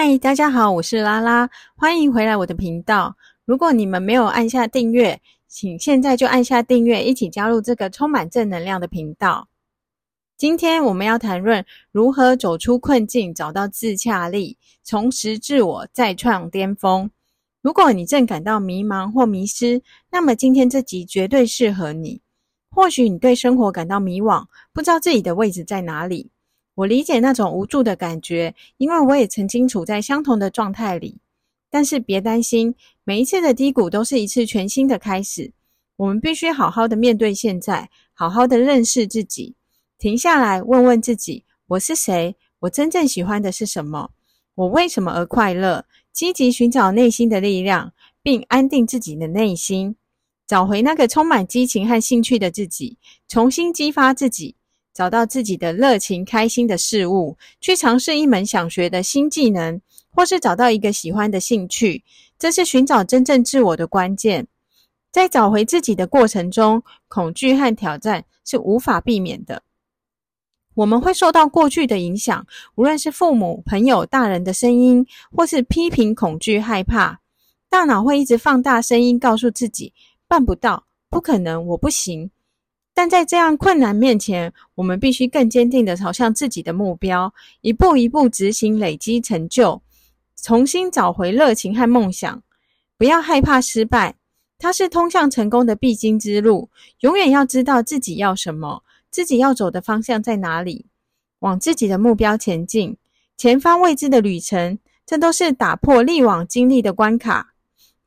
嗨，大家好，我是拉拉，歡迎回來我的頻道。如果你們沒有按下訂閱，請現在就按下訂閱，一起加入這個充滿正能量的頻道。今天我們要談論如何走出困境，找到自洽力，重拾自我，再創巔峰。如果你正感到迷茫或迷失，那麼今天這集絕對適合你。或許你對生活感到迷惘，不知道自己的位置在哪裡。我理解那種無助的感覺，因為我也曾經處在相同的狀態裡。但是別擔心，每一次的低谷都是一次全新的開始。我們必須好好的面對現在，好好的認識自己。停下來，問問自己：我是誰？我真正喜歡的是什麼？我為什麼而快樂？積極尋找內心的力量，並安定自己的內心，找回那個充滿激情和興趣的自己，重新激發自己。找到自己的熱情、開心的事物，去嘗試一門想學的新技能，或是找到一個喜歡的興趣，這是尋找真正自我的關鍵。在找回自己的過程中，恐懼和挑戰是無法避免的。我們會受到過去的影響，無論是父母、朋友、大人的聲音，或是批評、恐懼、害怕，大腦會一直放大聲音，告訴自己辦不到、不可能、我不行。但在這樣困難面前，我們必須更堅定的朝向自己的目標，一步一步執行，累積成就，重新找回熱情和夢想。不要害怕失敗，它是通向成功的必經之路。永遠要知道自己要什麼，自己要走的方向在哪裡，往自己的目標前進。前方未知的旅程，這都是打破歷往經歷的關卡，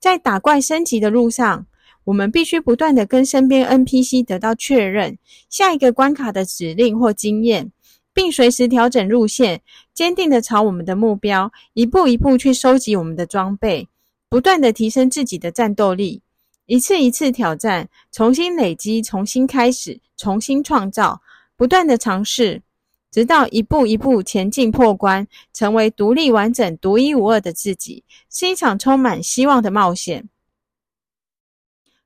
在打怪升級的路上。我們必須不斷的跟身邊 NPC 得到確認，下一個關卡的指令或經驗，並隨時調整路線，堅定的朝我們的目標，一步一步去收集我們的裝備，不斷的提升自己的戰鬥力，一次一次挑戰，重新累積，重新開始，重新創造，不斷的嘗試，直到一步一步前進破關，成為獨立完整、獨一無二的自己，是一場充滿希望的冒險。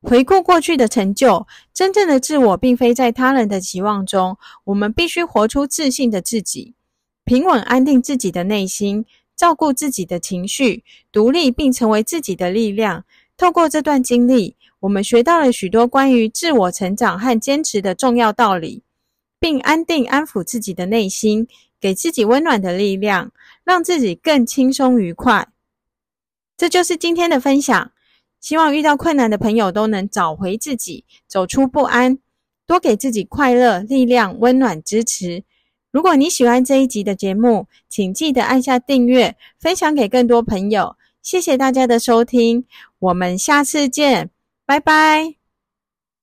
回顧過去的成就，真正的自我並非在他人的期望中，我們必須活出自信的自己，平穩安定自己的內心，照顧自己的情緒，獨立並成為自己的力量。透過這段經歷，我們學到了許多關於自我成長和堅持的重要道理，並安定安撫自己的內心，給自己溫暖的力量，讓自己更輕鬆愉快。這就是今天的分享。希望遇到困難的朋友都能找回自己，走出不安，多給自己快樂、力量、溫暖、支持。如果你喜歡這一集的節目，請記得按下訂閱，分享給更多朋友。謝謝大家的收聽，我們下次見，拜拜。